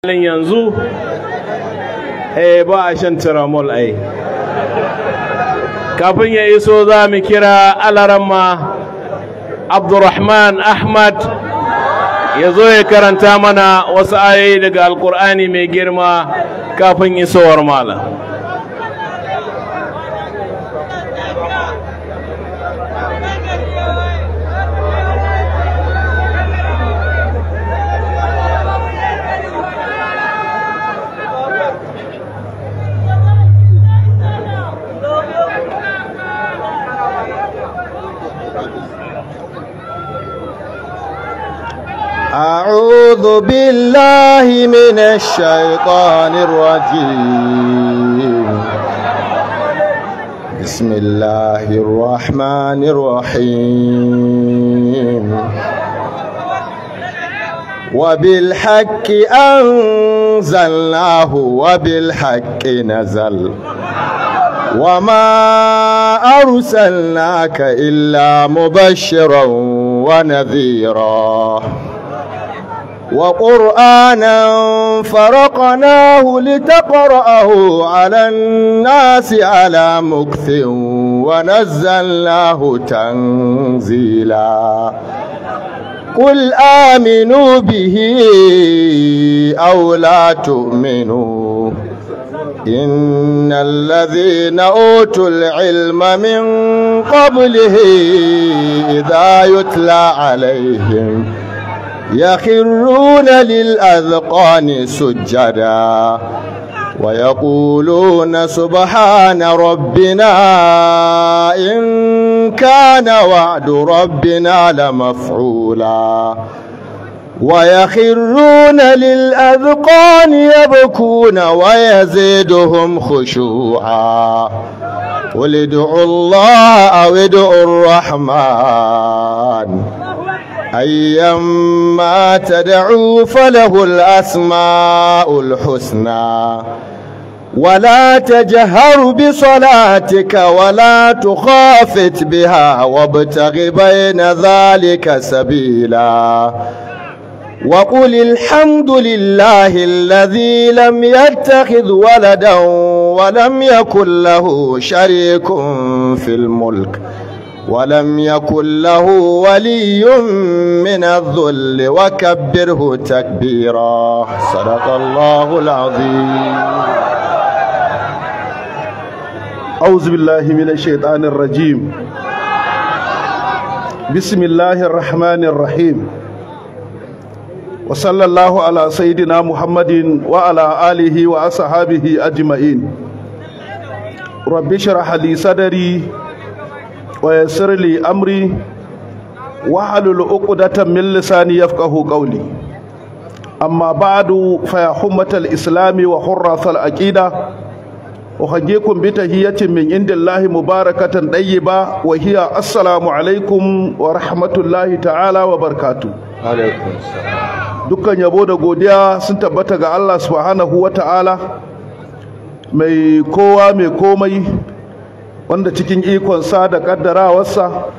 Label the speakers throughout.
Speaker 1: halin yanzu eh ba a shan tiramol ai kafin ya iso za mu kira alarama abdurrahman ahmad ya zo ya karanta mana wasu ayoyi daga alkur'ani mai girma kafin isowar malam
Speaker 2: بالله من الشيطان الرجيم بسم الله الرحمن الرحيم وبالحق أنزلناه وبالحق نزل وما أرسلناك إلا مبشرا ونذيرا وقرآنا فرقناه لتقرأه على الناس على مكث ونزلناه تنزيلا قل آمنوا به أو لا تؤمنوا إن الذين أوتوا العلم من قبله إذا يتلى عليهم يخرون للأذقان سجدا ويقولون سبحان ربنا إن كان وعد ربنا لمفعولا ويخرون للأذقان يبكون ويزيدهم خشوعا قل ادعوا الله أو ادعوا الرحمن أيما تدعوا فله الأسماء الحسنى ولا تجهر بصلاتك ولا تخافت بها وابتغ بين ذلك سبيلا وقل الحمد لله الذي لم يتخذ ولدا ولم يكن له شريك في الملك ولم يكن له ولي من الذل وكبره تكبيرا صدق
Speaker 1: الله العظيم أعوذ بالله من الشيطان الرجيم بسم الله الرحمن الرحيم وصلى الله على سيدنا محمد وعلى آله وأصحابه أجمعين رب اشرح لي صدري wayasirli amri! Waha lulu uku datan mil lisa ni yafka ho ƙaule. Amma ba'adu fiyehummantar islamu wa hurratan aƙida. O hage kun bi ta hiyacin min, Indillahi Mubarakatan ɗayiba wa Hiya. Assalamu alaikum wa rahmatullahi ta'ala wa barkatu. Dukkan yabo da godiya sun tabbata ga Allah subhanahu wa ta'ala. Mai kowa mai komai. wanda cikin ikonsa da kaddarawarsa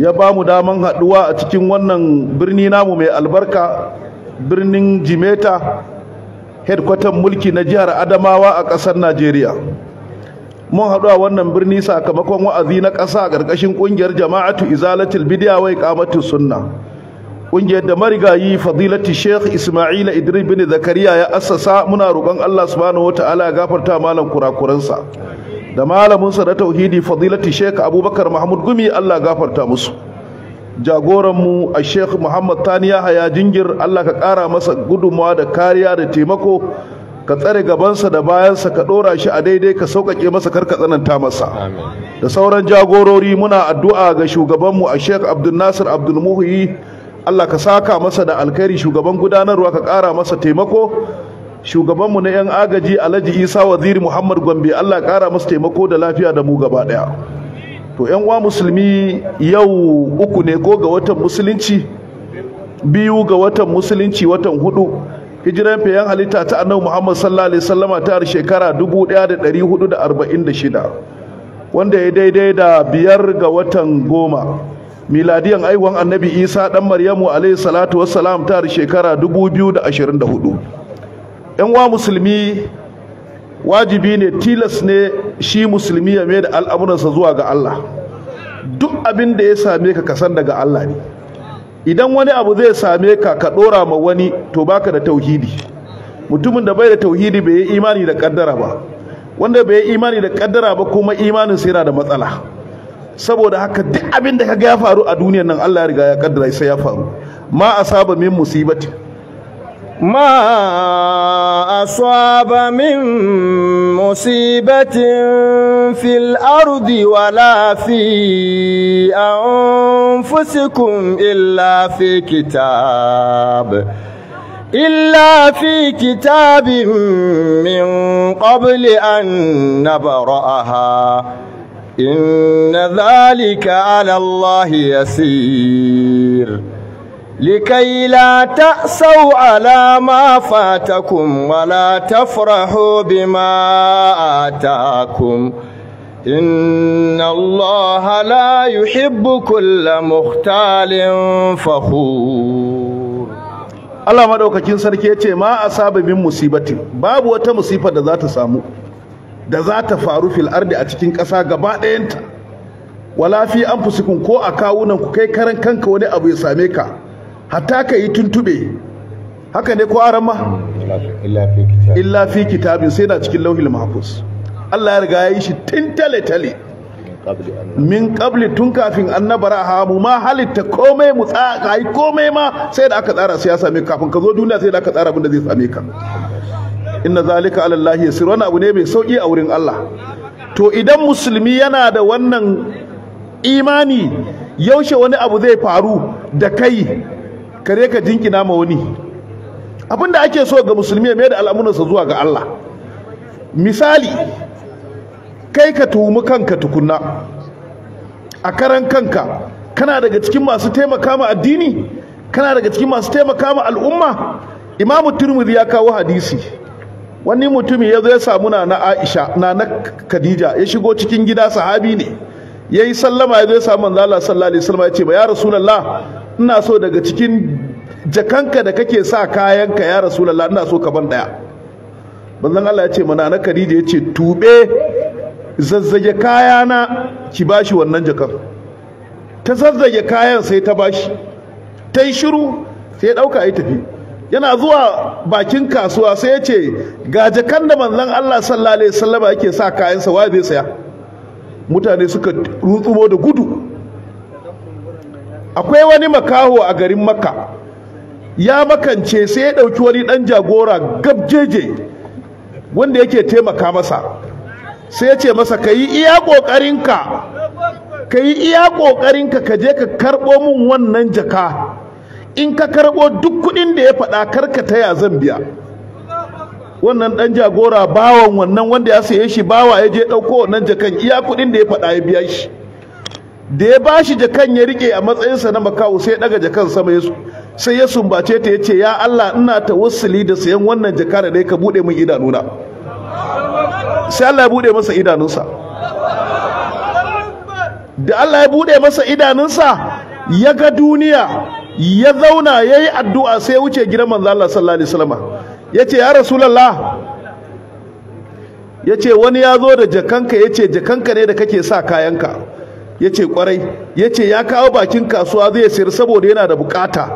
Speaker 1: ya ba mu daman haɗuwa a cikin wannan birni namu mai albarka birnin jimeta hedkwatan mulki na jihar adamawa a ƙasar najeriya mun haɗu a wannan birni sakamakon wa'azi na ƙasa a ƙarƙashin ƙungiyar jama'atu izalatul bidiya wai ƙamatu sunna ƙungiyar da marigayi fadilati sheikh ismaila idris bin zakariya ya assasa muna roƙon allah subhanahu wa ta'ala ya gafarta malam kurakuransa da malaminsa na tauhidi fadilati sheik abubakar mahmud gumi allah gafarta musu jagoranmu a sheik muhammad taniya haya jingir allah ka kara masa gudunmawa da kariya da taimako ka tsare gabansa da bayansa ka ɗora shi a daidai ka sauƙaƙe masa kar ka tsananta masa da sauran jagorori muna addu'a ga shugabanmu a sheik abdul nasir abdul muhi allah ka saka masa da alkhairi shugaban gudanarwa ka kara masa taimako shugabanmu na 'yan agaji alhaji isa waziri muhammad gombe allah kara masu taimako da lafiya da mu gaba daya to 'yan uwa musulmi yau uku ne ko ga watan musulunci biyu ga watan musulunci watan hudu hijiran fiyan halitta ta annabi muhammad sallallahu alaihi wasallama ta shekara 1446 wanda ya daidai da biyar ga watan goma miladiyan aiwan annabi isa dan maryamu alaihi salatu wassalam ta shekara 2024 yan wa musulmi wajibi ne tilas ne shi musulmi ya mai da al'amuransa zuwa ga Allah duk abin da ya same ka kasan daga Allah ne idan wani abu zai same ka ka ɗora ma wani to baka da tauhidi mutumin da bai da tauhidi bai yi imani da kaddara ba wanda bai yi imani da kaddara ba kuma imanin sa yana da matsala saboda haka duk abin da kaga ya faru a duniyar nan Allah ya riga ya kaddara sai ya faru ma asaba min musibati ما أصاب من مصيبة
Speaker 2: في الأرض ولا في أنفسكم إلا في كتاب إلا في كتاب من قبل أن نبرأها إن ذلك على الله يسير لكي لا تأسوا على ما فاتكم ولا تفرحوا بما آتاكم إن الله لا يحب كل مختال
Speaker 1: فخور Allah madaukakin sarki ya ce ma asaba min musibatin babu wata musifar da za ta samu da za ta faru fil a cikin ƙasa gaba ɗayanta wala fi anfusikum ko a kawunan ku kai karan kanka wani abu ya same ka hatta ka yi tuntube haka ne ko arama illa fi kitabin sai na cikin lauhil mahfuz Allah ya riga ya yi shi tun tale tale min qabli tun kafin annabara ha ma halitta komai mu tsaka yi komai ma sai da aka tsara sai ya same ka kafin ka zo duniya sai da aka tsara abinda zai same ka inna zalika ala Allah yasir Wani abu ne mai sauki a wurin Allah to idan musulmi yana da wannan imani yaushe wani abu zai faru da kai kare ka jinkina ma wani abinda ake so ga musulmi mai da al'amuransa zuwa ga Allah misali kai ka tuhumi kanka tukunna a karan kanka kana daga cikin masu taimaka ma addini kana daga cikin masu taimaka ma al'umma imamu turmudi ya kawo hadisi wani mutumi ya zo ya samu na na aisha na na khadija ya shigo cikin gida sahabi ne ya yi sallama ya zo ya samu sallallahu alaihi wasallam ya ce ba ya rasulullah ina so daga cikin jakanka da kake sa kayanka ya rasulullah ina so ka ban daya manzon Allah ya ce mana na Khadija ya ce tube zazzage kayana ki bashi wannan jakan ta zazzage kayan sai ta bashi ta yi shiru sai ya dauka ya tafi yana zuwa bakin kasuwa sai ya ce ga jakan da manzon Allah sallallahu alaihi wasallam yake sa kayansa wa zai saya mutane suka rutsumo da gudu akwai wani makaho a garin maka ya makance sai ya ɗauki wani ɗan jagora gabjeje wanda yake taimaka masa sai ya ce masa ka yi iya ƙoƙarinka ka yi iya ƙoƙarinka ka je ka karɓo min wannan jaka in ka karɓo duk kuɗin da ya faɗa karka taya zan biya wannan ɗan jagora bawan wannan wanda ya saye shi bawa ya je ɗauko wannan jakan iya kuɗin da ya faɗa ya biya shi da ya bashi jakan ya rike a matsayinsa na makawu sai ya daga jakan sama ya sai ya sumbace ta yace, ya Allah ina ta tawassuli da sayan wannan jaka da dai ka bude min idanuna sai Allah ya bude masa idanunsa da Allah ya bude masa idanunsa ya ga duniya ya zauna ya yi addu'a sai ya wuce gidan manzo Allah sallallahu alaihi wasallam ya ce ya rasulallah ya ce wani ya zo da jakanka ya ce jakanka ne da kake sa kayanka ya ce kwarai ya ce ya kawo bakin kasuwa zai sayar saboda yana da bukata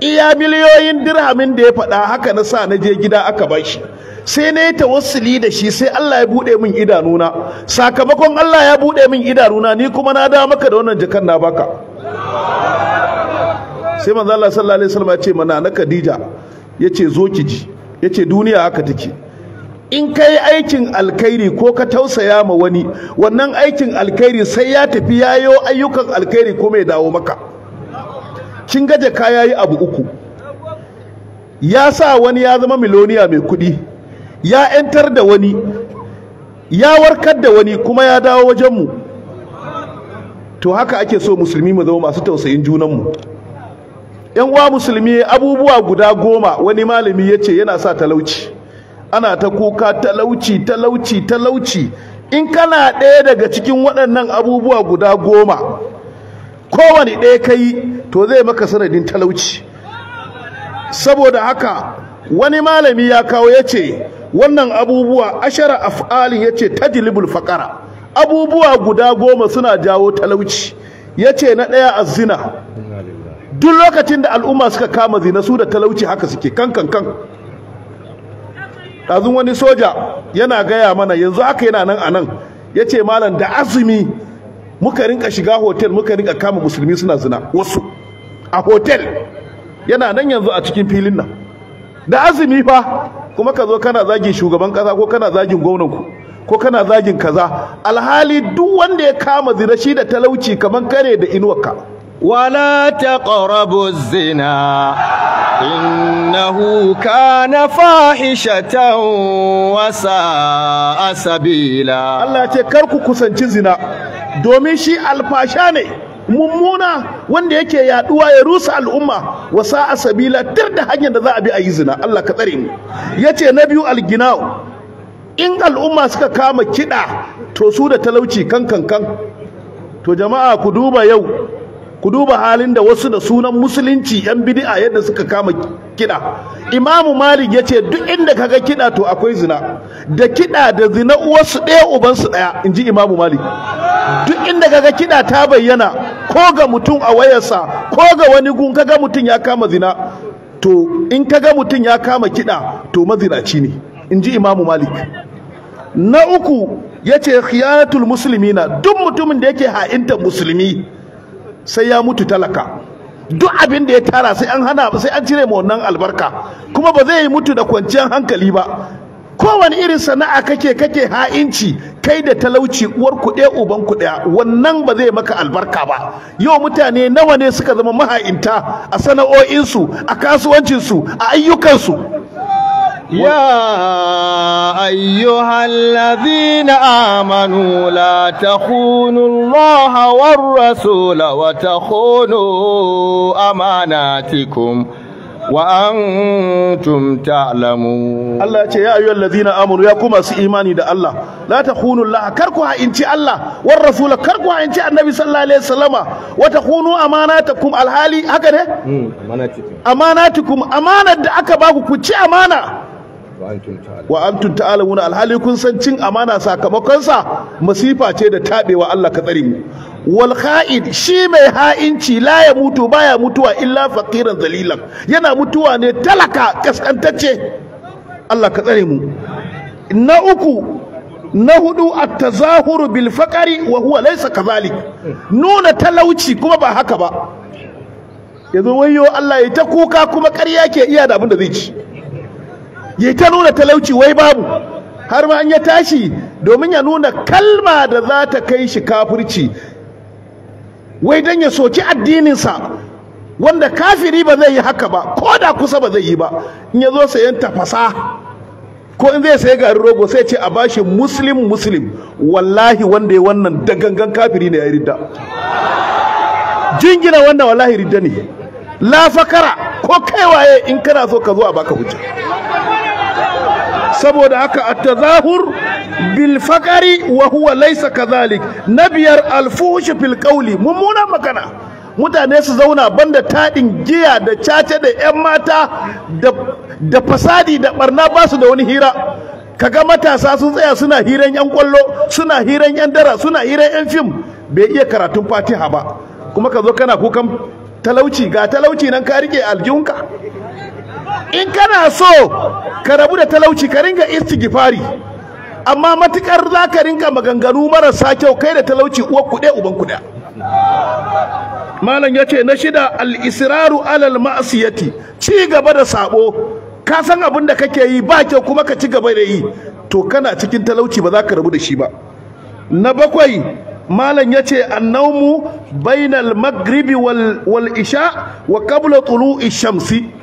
Speaker 1: iya miliyoyin dirhamin da ya faɗa haka na sa na je gida aka bashi sai na yi tawassuli da shi sai Allah ya buɗe min idanuna sakamakon Allah ya buɗe min idanuna ni kuma na da maka da wannan jakan na baka sai manzo Allah sallallahu alaihi wasallam ya ce mana na Khadija yace zo ki ji yace duniya haka take in ka yi aikin alkhairi ko ka tausaya ma wani wannan aikin alkhairi sai ya tafi yayo ayyukan alkhairi ko mai dawo maka kin gaje ka yi abu uku ya sa wani ya zama miloniya mai kudi ya entar da wani ya warkar da wani kuma ya dawo wajenmu to haka ake so musulmi mu zama masu tausayin junanmu yan uwa musulmi abubuwa guda goma wani malami ya ce yana sa talauci ana ta kuka talauci talauci talauci in kana ɗaya daga cikin waɗannan abubuwa guda goma kowane ɗaya ka yi to zai maka sanadin talauci saboda haka wani malami ya kawo ya ce wannan abubuwa ashara af'alin ya ce tajlibul faƙara abubuwa guda goma suna jawo talauci ya ce na ɗaya a zina duk lokacin da al'umma suka kama zina su da talauci haka suke kankan kan, kan. ɗazun wani soja yana gaya mana yanzu aka yana nan a nan ya ce malam da azumi muka rinka shiga hotel muka rinka kama musulmi suna zina wasu a hotel yana nan yanzu a cikin filin nan da azumi fa kuma ka zo kana zagin shugaban kasa ko kana zagin ku ko kana zagin kaza alhali duk wanda ya kama zina shi da talauci kamar kare da inuwarka ولا
Speaker 2: تقربوا الزنا إنه كان فاحشة وساء سبيلا
Speaker 1: الله يتكركو كسنجي زنا domin shi alfasha ne mummuna wanda yake yaduwa ya rusa al'umma wa sa'a sabila tir da hanyar da za a bi a yi zina Allah ka tsare mu yace na biyu alginau in al'umma suka kama kida to su da talauci kan kan kan to jama'a ku duba yau ku duba halin da wasu da sunan musulunci yan bid'a yadda suka kama kiɗa imamu malik ya ce duk inda kaga kiɗa to akwai zina da kiɗa da zina wasu ɗaya ubansu ɗaya in ji imamu malik duk inda kaga kiɗa ta bayyana ko ga mutum a wayarsa ko ga wani gun kaga mutum ya kama zina to in kaga mutum ya kama kiɗa to mazinaci ne in ji imamu malik na uku ya ce khiyanatul musulmina duk mutumin da yake ha'inta musulmi sai ya mutu talaka duk abin da ya tara sai an hana sai an cire ma wannan albarka kuma ba zai yi mutu da kwanciyar hankali ba kowane irin sana'a kake kake ha'inci kai da talauci uwar kuɗe uban kuɗe wannan ba zai maka albarka ba yau mutane nawa ne suka zama maha'inta a sana'o'insu a kasuwancinsu a ayyukansu
Speaker 2: يا أيها الذين آمنوا لا تخونوا الله والرسول وتخونوا
Speaker 1: أماناتكم وأنتم تعلمون الله يا أيها الذين آمنوا يا كما إيماني ده الله لا تخونوا الله كركوا إنتي الله والرسول كركوا إنتي النبي صلى الله عليه وسلم وتخونوا أماناتكم الحالي هكذا أماناتكم أماناتكم أمانة أكباكم كتي أمانة wa antum wuna alhali kun san cin amana sakamakonsa masifa ce da tabewa Allah ka tsare mu wal kha'id shi mai ha'inci la ya mutu baya mutuwa illa faqiran zalilan yana mutuwa ne talaka kaskantacce Allah ka tsare mu na uku na hudu at-tazahuru bil faqari wa huwa laysa kadhalik nuna talauci kuma ba haka ba yazo wayo Allah ya ta kuka kuma ƙarya ke iya da abin da zai ci ya ta nuna talauci wai babu har ma an ya tashi domin ya nuna kalma da za ta kai shi kafirci wai don ya soki addininsa wanda kafiri ba zai yi haka ba ko da kusa ba zai yi ba in ya zo sayan tafasa ko in zai sayi garin rogo sai ce a bashi muslim muslim wallahi wanda ya wannan dagangan kafiri ne ya ridda jingina wannan wallahi ridda ne la fakara ko kai waye in kana so ka zo a baka hujja saboda haka at-tazahur bil faqari wa huwa laysa kadhalik na biyar al-fuhsh fil qawli mummunan magana mutane su zauna banda taɗin giya da caca da 'yan mata da fasadi da barna ba su da wani hira kaga matasa sun tsaya suna hiran 'yan kwallo suna hiran 'yan dara suna hiran 'yan fim bai iya karatun fatiha ba kuma ka zo kana kukan talauci ga talauci nan ka rike aljihunka in kana so ka rabu da talauci ka ringa istigifari amma matukar za ka ringa maganganu marasa kyau kai da talauci uwa kuɗe uban kuɗa malam ya ce na shida al-israru alal ma'asiyati ci gaba da sabo ka san abin da kake yi ba kyau kuma ka ci gaba da yi to kana cikin talauci ba za ka rabu da shi ba na bakwai malam ya ce annaumu bainal magribi wal isha wa qabla tulu'i shamsi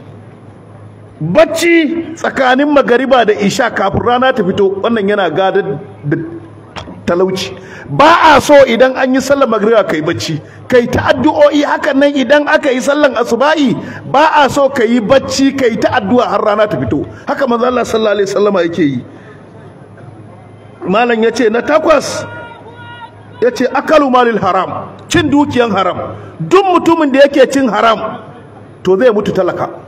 Speaker 1: bacci tsakanin magariba da isha kafin rana ta fito wannan yana gadar da talauci ba a so idan an yi sallar magariba kai bacci kai ta addu'o'i hakan nan idan aka yi sallar asuba'i ba a so ka yi bacci kai ta addu'a har rana ta fito haka manzo Allah sallallahu alaihi wasallama yake yi malam yace na takwas yace akalu malil haram cin dukiyan haram duk mutumin da yake cin haram to zai mutu talaka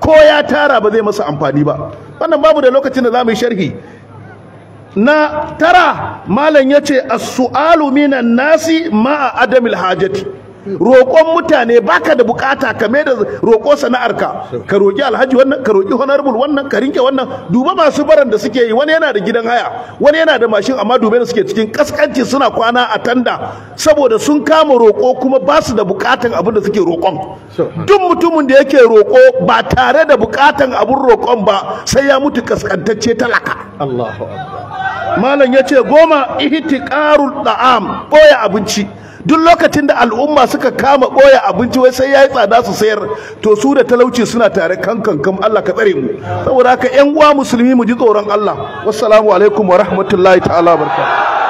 Speaker 1: ko ya tara ba zai masa amfani ba wannan babu da lokacin da za mu yi sharhi na tara malam yace ce as-su'alu minan nasi ma'a adamil hajati roƙon mutane baka da bukata ka mai da roƙo sana'arka ka roƙi alhaji wannan ka roƙi honorable wannan ka rinke wannan duba masu baran da suke yi wani yana da gidan haya wani yana da mashin amma dube da suke cikin kaskanci suna kwana a tanda saboda sun kama roƙo kuma ba su da bukatan abin da suke roƙon duk mutumin da yake roƙo ba tare da bukatan abin roƙon ba sai ya mutu kaskantacce talaka Allahu akbar malam yace goma ihtiqarul da'am koya abinci duk lokacin da al'umma suka kama ɓoye abinci wai sai ya yi tsada su sayar to su da talauci suna tare kankan kam Allah ka tsare mu saboda haka yan uwa musulmi mu ji tsoron Allah wassalamu alaikum wa rahmatullahi ta'ala barka